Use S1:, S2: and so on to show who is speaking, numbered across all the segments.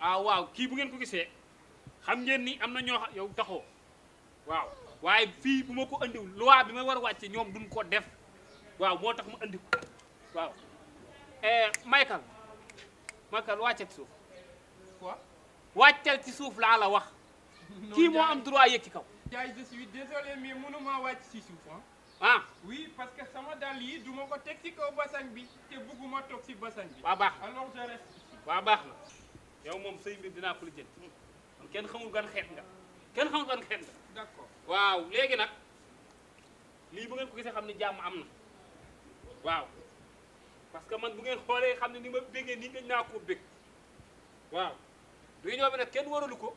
S1: ah waaw kii bu ngeen ko gisee xam ngeen ni am na ñoo yow taxoo waaw waaye fii bu ma ko andiwul loi bi ma war a wàcce ñoom duñ ko def waaw moo tax ma andi ko waaw eh, Michael Michael wàccal ci suuf quoi ci suuf laa la wax
S2: kii moo am droit yëg ci kaw Ndiaye je suis désolé mais mënuma wàcc ci suuf ah wii parce que sama dàll yi duma ko teg ci kaw basan bi te bugguma toog ci basan bi waa baax alors
S1: je reste waa baax la yow moom say mbir dinaa ko lijjanti kon kenn xamul gan xeet nga kenn xamul gan xeet nga. waaw léegi nag lii bu ngeen ko gisee xam ne jàmm am na waaw parce que man bu ngeen xoolee xam ne ni ma bégee nii dañ naa koo bég waaw réunion bi nag kenn waralu ko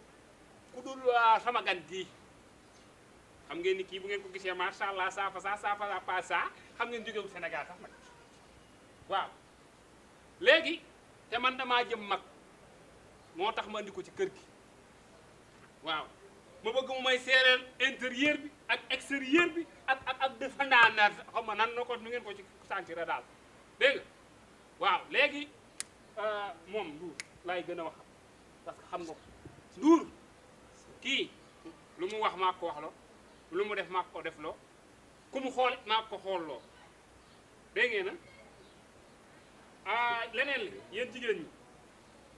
S1: ku dul ah, sama gan gii xam ngeen kii bu ngeen ko gisee macha allah saa fa saa saa fa pas saa xam ngeen jógewu Sénégal sax waaw léegi te man damaa jëm mag. moo tax ma andi ko ci kër gi waaw ma bëgg mu may seereel intérieur bi ak extérieur bi ak ak ak defandanaar xam ma nan na ko nu ngeen ko ci sentira daal dégg waaw léegi euh, moom Ndour laay gën a wax parce que xam nga ko Ndour kii lu mu wax maa ko wax loo lu mu def maa ko def loo ku mu xool maa ko xool loo dégg ngeen na ah, leneen li yéen jigéen ñi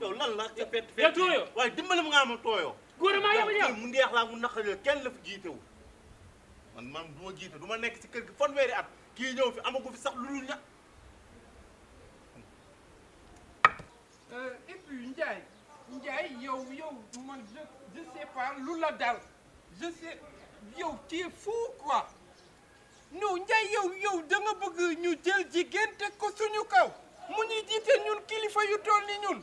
S1: yow lan la ca fett fett tooyo waaye dimbali mu nga am tooyo góor maa yem ñaar mu neex na mu naqaree kenn la fi jiitewu man man du ma jiite du ma nekk ci kër gi fanweeri at kii
S2: ñëw fi amagu fi sax lu dul ña euh, yow yow man lu la dal je sais yow tu es fou quoi non Ndiaye yow yow da bëgg ñu jël jigéen teg ko suñu kaw mu ñuy jiite ñun kilifa yu toll ni ñun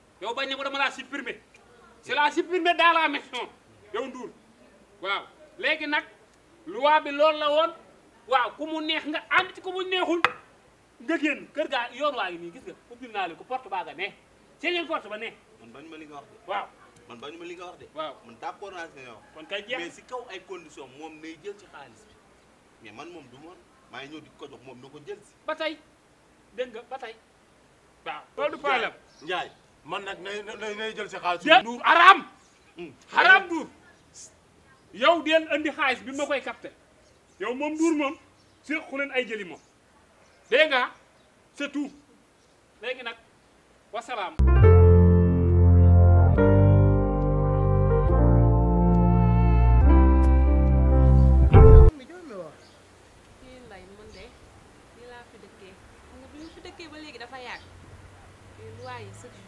S1: yow bañ ne ko dama laa supprimer si la supprimer dans la maison yow Ndour waaw léegi nag loi bi loolu la woon waaw ku mu neex nga ànd ci ku mu neexul nga génn kër gaa yoon waa ngi nii gis nga ubbil naa la ko porte baa nga ne seen porte ba ne. man bañ ma li wax waaw man bañ ma li nga wax de. waaw man d'accord naa si yow. kon kay jeex si kaw ay conditions moom nay jël ci xaalis mais man moom du ma maa ngi ñëw di ko jox moom na ko jël si. ba tey dégg nga ba tey. waaw loolu du problème man nag nay nay jël si xaalis. déet
S2: duur araam. Hmm.
S1: xaraam duur yow deel andi xaalis bi ma koy capté yow moom duur moom séqu leen ay jëli moom dégg nga
S2: c'est tout léegi nag wasalaam.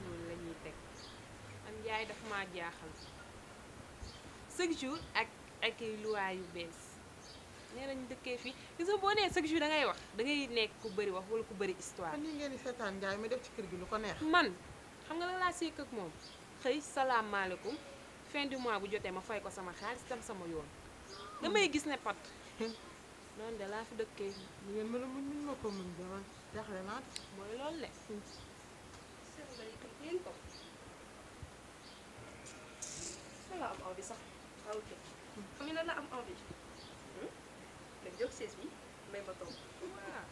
S1: noonu la ñuy teg man yaay dafa ma jaaxal chaque jour ak ak loi yu bees nee nañ dëkkee fii gis nga boo nee chaque jour da ngay wax da ngay nekk ku bari wax wala ku bari histoire. kon ni ngeen ma def ci kër gi lu ko neex. man xam nga la laa seek ak moom xëy salaamaaleykum fin du mois bu jotee ma fay ko sama xaalis tam sama yoon damay gis
S2: ne pat. noonu de laa fi dëkkee. ngeen mën a muñ muñ ma ko muñ ba jaaxle naa mooy loolu de. Hmm.
S1: bi sax xaw a tëj. xam nga la am envie. Hmm? nga jóg sées bi may ma toog. ah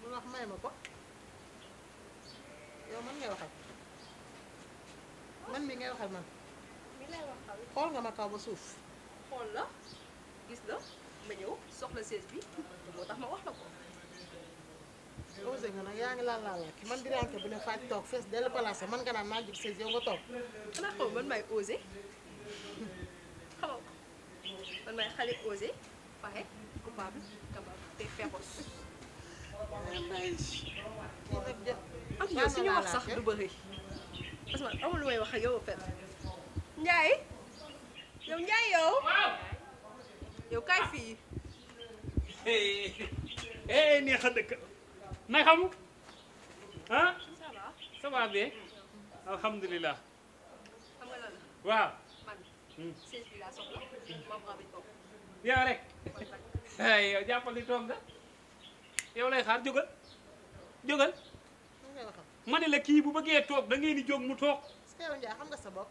S1: mu wax may ma ko yow man ngay waxal man mi ngay waxal man. xool nga ma kaw ba suuf. xool la gis la ma ñëw soxla sées bi moo tax ma wax la ko.
S2: Ousseyn nga nag yaa ngi laal laal la ki man di rànke bu ne faaj toog fees dell palaas man nga naan maa jub sees yow nga toog. man may osé xaw man may
S1: xale osé pare coupable capable te féroce.
S2: ak yow suñu wax sax du bëri
S1: parce que amul lu may wax ak yow fenn
S2: Ndiaye yow Ndiaye yow.
S1: yow kaay fii. eh neex a dëkk. nay xam ha ça va bien alhamdulilah waaw hmm. ya rek ay yow jàppal di toog da yow lay xaar jogal jogal mané la ki bu bëggé tok da ngay ni jog mu tok yow Ndiaye xam nga sa bop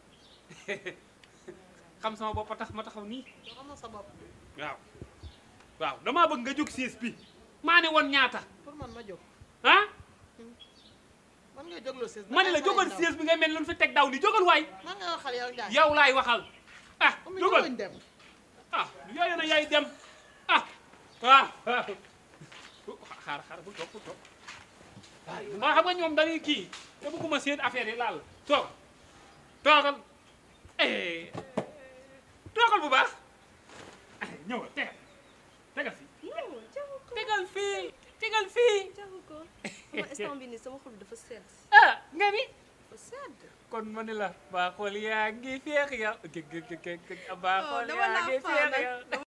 S1: xam sama bop tax ma taxaw nii xamoo sa bopp waaw waaw damaa bëgg nga jóg CSP mané won ñaata pour man ma jóg ah.
S2: man ngay jógloo siis man la jógal siis
S1: bi nga mel lu fi teg daw ni jógal waay.
S2: man nga waxal laay
S1: waxal. ah jógal
S2: ah yooyu
S1: na yaay dem ah, ah ah xaar xaar bu toog bu toog. waaw ah, nga ñoom dañuy kii te bëgguma seen affaire yi laal toog toogal eh, eh, eh. bu baax ñëwal tegal tegal fii. tegal fii. jaru ko sama instant bi nii sama xol dafa sedd. ah nga ni. dafa sedd. kon ma ne la. baaxool yaa ngi féex yow. kii kii kii kii baaxool yaa ngi féex yow.